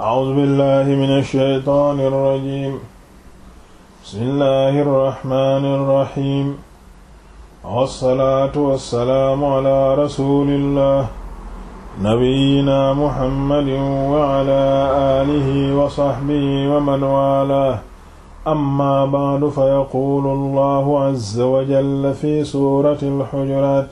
أعوذ بالله من الشيطان الرجيم بسم الله الرحمن الرحيم والصلاة والسلام على رسول الله نبينا محمد وعلى آله وصحبه ومن والاه أما بعد فيقول الله عز وجل في سورة الحجرات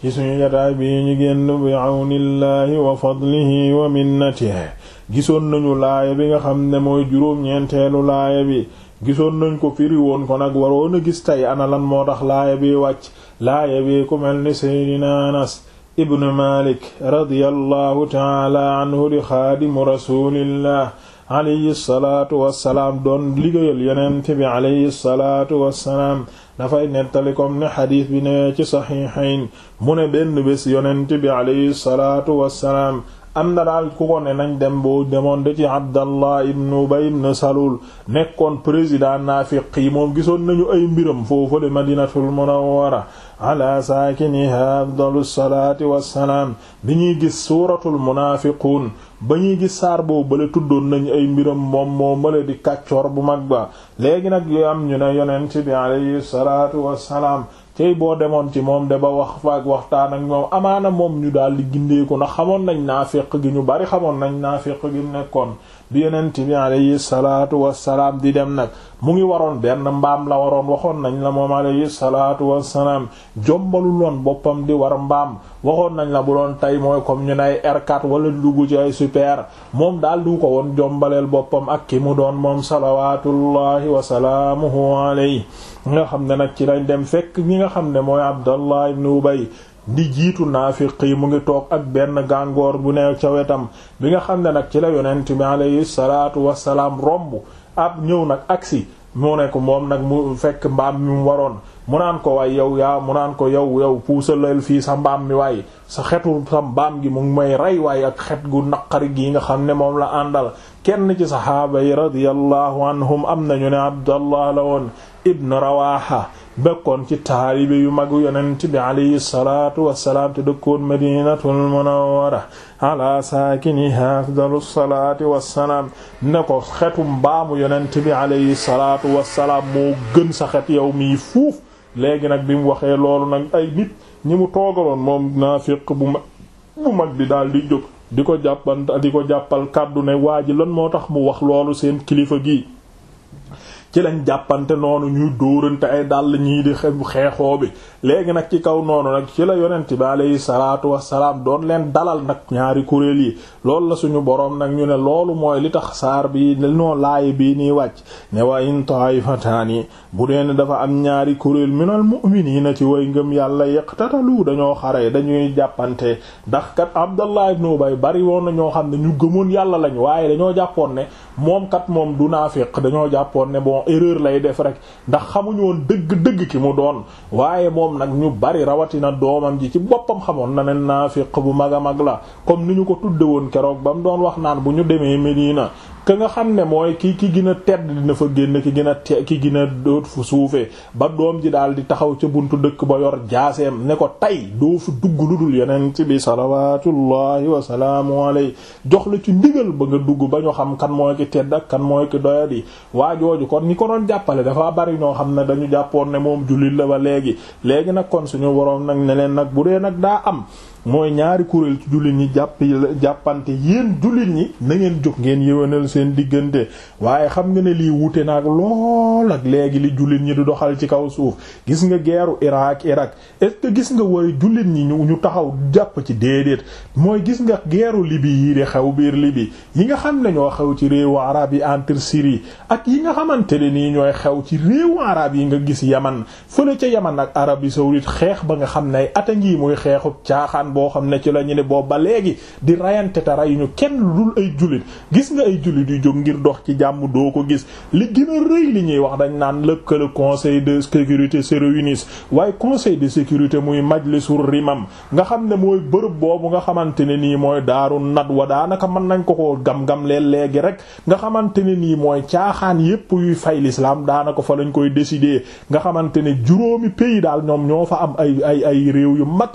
ci suñu jotaay bii ñu génn bi awnillahi wa fadlihi wa minnatihi gisoon nañu laaya bi nga xam ne mooy juróom-ñeenteelu laaya bi gisoon nañ ko firi woon ko nag waroon a gis tey ana moo tax laaya bi wàcc laaya bi ku mel ni seydina anas ibn malik radiyallahu taala anhu di xaadimu rasulillah alayhi salaatu wassalaam doon liggéeyal yonent bi alayhi salaatu wassalaam dafay nettali comme ni xadiis bi ne ci saxiixayn mu ne benn bés yonent bi alayhi salaatu wassalaam am daal ku ko ne nañ dem boo demoon de ci Abdallah ibn Ubay ibn Salul nekkoon président naafiq yi moom gisoon nañu ay mbiram foofu le Madinatul Munawwara ala saakiniha afdalu salaati wassalaam bi ñuy gis suuratul munaafiquun ba ñuy gis saar boobu bale tuddoon nañu ay mbiram moom moo mala di kàccoor bu mag ba léegi nag yu am ñu ne yonent bi alayhi salaatu wassalaam tey boo demoon ci moom de ba wax faak waxtaan ak moom amaana moom ñu daal di gindeeku ndax xamoon nañ naa féq gi ñu bari xamoon nañ naa féq gi nekkoon bi yonent bi alayhi salaatu wassalaam di dem nag mu ngi waroon benn mbaam la waroon waxoon nañ la moom alayhi salaatu wassalaam jombalul woon boppam di war mbaam waxoon nañ la bu doon tey mooy comme ñu nay R4 wala dugg ci ay super moom daal du ko woon jombaleel boppam ak ki mu doon moom salawaatullahi wa salaamuhu alayhi nga xam ne nag ci lañ dem fekk ñi nga xam ne mooy Abdallah ibn Ubay di jiitu naafiq yi mu ngi toog ak benn gàngoor bu ne ca wetam bi nga xam ne nag ci la yonent bi alayhi salaatu wassalaam romb ab ñëw nag agsi mu ne ko moom nag mu fekk mbaam mi mu waroon mu naan ko waay yow yaa mu naan ko yow yow puusalal fii sa mbaam mi waaye sa xetu sa mbaam gi mu ngi may rey waay ak xet gu naqari gi nga xam ne moom la àndal kenn ci saxaaba yi radiyallahu anhum am nañu ne abdallah la woon ibn rawaha bekkoon ci taalibe yu mag yonent bi alayhi salaatu wassalaam te dëkkoon madinatul munawwara ala saakiniha afdalu salaati wassalaam ne ko xetu mbaamu yonent bi alayhi salaatu wassalaam moo gën sa xet yow mii fuuf léegi nag bi mu waxee loolu nag ay nit ñi mu toogaloon moom naafiq bu mag bi daal di jóg di ko jàppal jàppal kàddu ne waa ji lan moo tax mu wax loolu seen kilifa gi ci lañ jàppante noonu ñuy dóorante ay dàll ñii di xeexoo bi léegi nag ci kaw noonu nag ci la yonent bi alayhi salaatu wassalaam doon leen dalal nag ñaari kuréel yi loolu la suñu boroom nag ñu ne loolu mooy li tax saar bi noo laay bii nii wàcc ne wa in taifataani bu deen dafa am ñaari kuréel minal na ci way ngëm yàlla yëq yaqtatalu dañoo xare dañuy jàppante ndax kat Abdallah ibn Ubay bari woon na ñoo xam ne ñu gëmoon yàlla lañ waaye dañoo jàppoon ne moom kat moom du dañoo jàppoon bon erreur lay def rek ndax xamuñu dëgg-dëgg ki mu doon waaye moom nag ñu bari rawatina doomam ji ci boppam xamoon na naa naafiq bu mag a mag la comme ni ñu ko tudde woon keroog ba mu doon wax naan bu ñu demee Medina ka nga xam ne mooy ki ki gina a tedd dina fa génn ki gina a te ki gën doot fu suufee ba doom ji daal di taxaw ca buntu dëkk ba yor jaaseem ne ko tey doo fi dugg lu dul yonent bi salawaatullahi wa salaamu alayhi jox la ci ndigal ba nga dugg ba ñu xam kan mooy ki tedd ak kan mooy ki doyadi waa jooju kon ñi ko doon jàppale dafa bari ñoo xam ne dañu jàppoon ne moom jullit la ba léegi léegi nag kon suñu woroom nag neleen nag bu dee nag daa am mooy ñaari kuréel ci jullit ñi jàpp jàppante yéen jullit ñi na ngeen jóg ngeen yëwanal seen diggante waaye xam nga ne lii wute naag lool ak léegi li jullit ñi du doxal ci kaw suuf gis nga geeru Irak Irak est-ce que gis nga woy jullit ñi ñu ñu taxaw jàpp ci déedéet mooy gis nga geeru Libi yii di xew biir Libi yi nga xam ne ñoo xew ci réewu arab yi entre Syrie ak yi nga xamante ne nii ñooy xew ci réewu arab yi nga gis Yaman fële ca Yaman ak Arabie saoudite xeex ba nga xam ne at a ngi xeexu caaxaan caaxaan boo xam ne ci la ñu ne boobu ba léegi di rayante te rayuñu kenn dul ay julit gis nga ay jullit yu jóg ngir dox ci jàmm doo ko gis li gën a rëy li ñuy wax dañ naan lëkkal conseil de sécurité se waaye conseil de sécurité muy majlisul rimam nga xam ne mooy bërëb boobu nga xamante ne nii mooy daaru wa daanaka mën nañ ko koo gam-gam leen léegi rek nga xamante ne nii mooy caaxaan yépp yuy fay l'islam daanaka fa lañ koy décider nga xamante ne juróomi pays daal ñoom ñoo fa am ay ay ay yu mag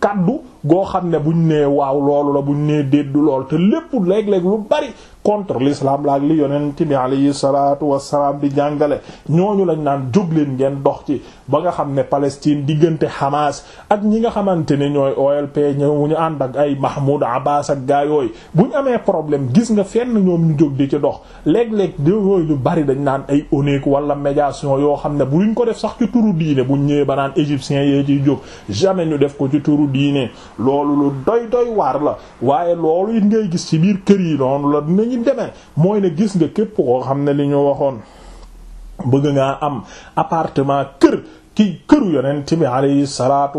kàddu goo xam ne buñ nee waaw loolu la buñ nee déddu lool te lépp léeg-léeg lu bari contre l'islam la ak li yonent bi alayhi salaatu wassalaam di jàngale ñooñu lañ naan jóg leen ngeen dox ci ba nga xam ne Palestine diggante Hamas ak ñi nga xamante ne ñooy OLP ñëw ñu ànd ak ay Mahmoud Abbas ak gaa yooyu bu ñu amee problème gis nga fenn ñoom ñu jóg di ci dox léeg-léeg yooyu ñu bari dañ naan ay oneek wala médiation yoo xam ne bu buñ ko def sax ci turu diine bu ñëwee ba naan égyptiens yee ciy jóg jamais ñu def ko ci turu diine loolu lu doy doy waar la waaye loolu it ni mooy ne gis nga képp koo xam ne li ñu waxoon bëgg ngaa am appartement kër ki këru yonent bi alayhi salaatu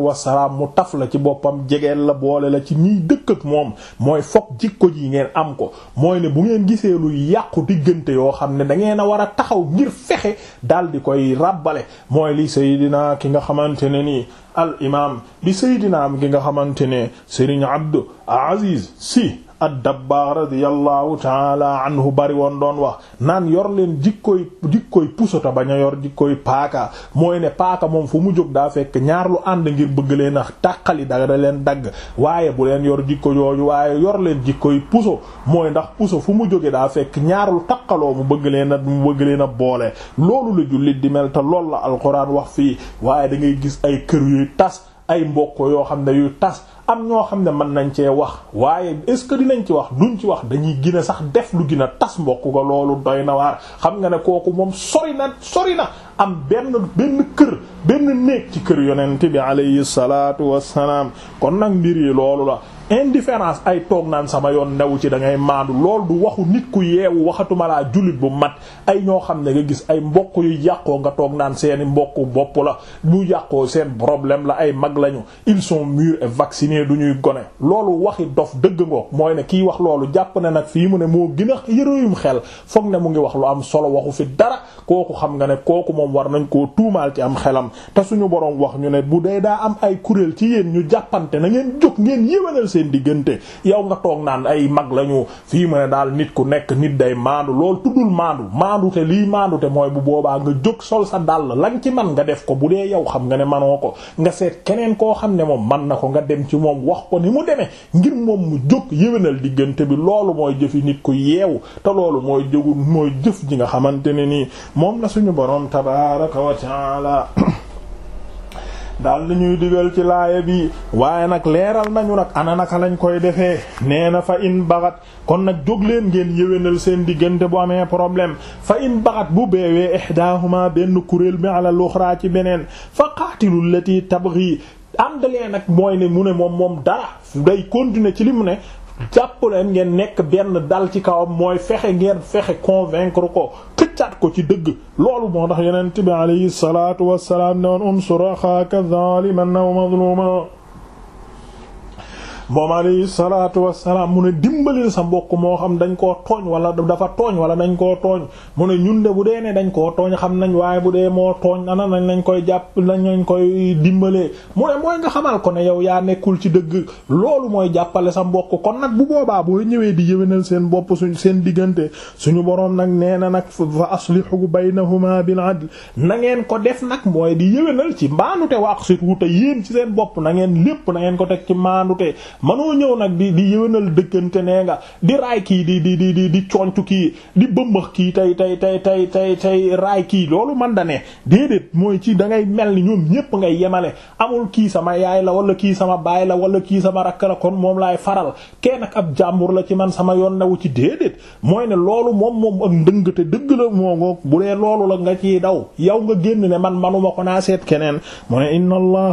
mu taf la ci boppam jegeel la boole la ci ñiy dëkk ak moom mooy foog jikko ji ngeen am ko mooy ne bu ngeen gisee lu yàqu diggante yoo xam ne dangeen a war a taxaw ngir fexe daal di koy ràbbale mooy li Seydina ki nga xamante ne nii al imaam di Seydina am ki nga xamante ne Serigne Abdou Aziz si ad-Dabbaax radiyallahu taala anhu bari woon doon wax naan yor leen jikkoy jikkoy puso ta bañ a yor jikkoy paaka mooy ne paaka moom fu mu jóg daa fekk ñaar lu ànd ngir bëgg leen a tàqali dara leen dagg waaye bu leen yor jikko yooyu waaye yor leen jikkoy puso mooy ndax puso fu mu jóge daa fekk ñaar lu taqaloo mu bëgg leen a mu bëgg leen a boole loolu la jullit di mel te loolu la alxuraan wax fii waaye da ngay gis ay kër yuy tas. ay mbokk yoo xam ne yuy tas am ñoo xam ne mën nañ cee wax waaye est-ce que dinañ ci wax duñ ci wax dañuy gën sax def lu gën a tas mbokk ga loolu doy na waar xam nga ne kooku moom sori na sori na am benn benn kër benn néeg ci kër yonent bi alayhi salaatu wassalaam kon nag mbir yi loolu la indifférence ay toog naan sama yoon newu ci da ngay maandu lool du waxu nit ku yeewu waxatuma laa jullit bu mat ay ñoo xam ne nga gis ay mbokk yu yàqoo nga toog naan seeni mbokk bopp la ñu yàqoo seen problème la ay mag lañu ils sont mûrs et vaccinés du ñuy gone loolu waxi dof dëgg ngoog mooy ne kii wax loolu jàpp na nag fii mu ne moo gën a yërëyum xel foog ne mu ngi wax lu am solo waxu fi dara kooku xam nga ne kooku moom war nañ koo tuumaal ci am xelam te suñu boroom wax ñu ne bu dee daa am ay kuréel ci yéen ñu jàppante na ngeen jóg ngeen seen diggante yow nga toog naan ay mag lañu fii ma ne daal nit ku nekk nit day maandu loolu tuddul maandu maandu te lii maandu te mooy bu boobaa nga jóg sol sa dàll lañ ci man nga def ko bu dee yow xam nga ne manoo ko nga seet keneen koo xam ne moom man na ko nga dem ci moom wax ko ni mu demee ngir moom mu jóg yéwénal diggante bi loolu mooy jëfi nit ku yeewu te loolu mooy jógu mooy jëf ji nga xamante ne nii moom la suñu boroom tabaaraka wa daal li ñuy digal ci laaya bi waaye nag leeral nañu nag ana naka lañ koy defee nee na fa in baxat kon nag jóg leen ngeen yéwénal seen diggante bu amee problème fa in baxat bu beewee ihdaahuma benn kuréel mi ala luxraa ci beneen fa qaatilu lati tabghi am nag mooy ne mu ne moom moom dara day continuer ci li mu ne jàpp leen ngeen nekk benn dal ci kawam mooy fexe ngeen fexe convaincre ko xëccaat ko ci dëgg loolu moo tax yonent bi alayhi salaatu wassalaam ne woon unsur axaaka zaaliman aw mazluuman moom alayhi salaatu wassalaam mu ne dimbalil sa mbokk moo xam dañ koo tooñ wala dafa tooñ wala dañ koo tooñ mu ne ñun de bu dee ne dañ koo tooñ xam nañ waaye bu dee moo tooñ ana nañ lañ koy jàpp lañ lañ koy dimbalee mu ne nga xamal ne yow yaa nekkul ci dëgg loolu mooy jàppale sa mbokk kon nag bu boobaa boo ñëwee di yëwénal seen bopp suñ seen diggante suñu boroom nag nee na nag fa aslihu baynahuma bil adl na ngeen ko def nag mooy di yëwénal ci mbaanute wa aqsitu te yéen ci seen bopp na ngeen lépp na ngeen ko teg ci maandute manoo ñëw nag di di yëwénal dëkkante nee nga di raay kii di di di di di conc kii di bëmbax kii tey tey tey tey tey tey raay kii loolu man dane ne déedéet mooy ci da ngay mel ni ñoom ñépp ngay yemale amul kii sama yaay la wala kii sama baay la wala kii sama rakk la kon moom laay faral kenn ak ab jàmbur la ci man sama yoon newu ci déedéet mooy ne loolu moom moom ak ndëngate dëgg la moo bu dee loolu la nga ci daw yow nga génn ne man manuma ko naa seet keneen mu ne inna allah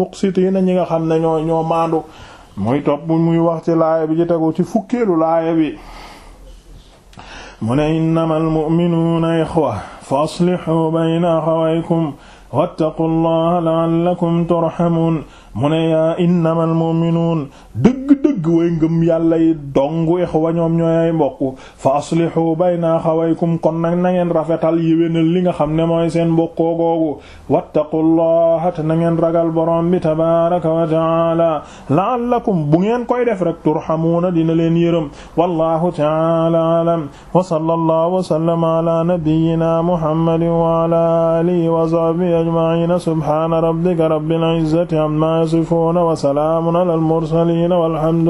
muqsitiina ñi nga xam ne ñoo ñoo maandu muy topp muy wax ci laaya bi ci tegu ci fukkeelu laaya bi mu ne innamal mu'minuuna ixwa dëgg dëgg way ngëm yàlla yi dong ixwa ñoom ñooy ay mbokk fa aslihu bayna xawaykum kon nag na ngeen rafetal yéwénal li nga xam ne mooy seen mbokkoo googu wattaqullaha te na ngeen ragal borom bi tabaraka wa taala la'allakum bu ngeen koy def rek turhamuuna dina leen yërëm wallahu taala alam wa sallallahu wa sallama ala nabiyyina muhammadin wa ala alihi wa sahbihi ajma'in subhana rabbika rabbil izzati amma yasifun wa salamun alal mursalin walhamdu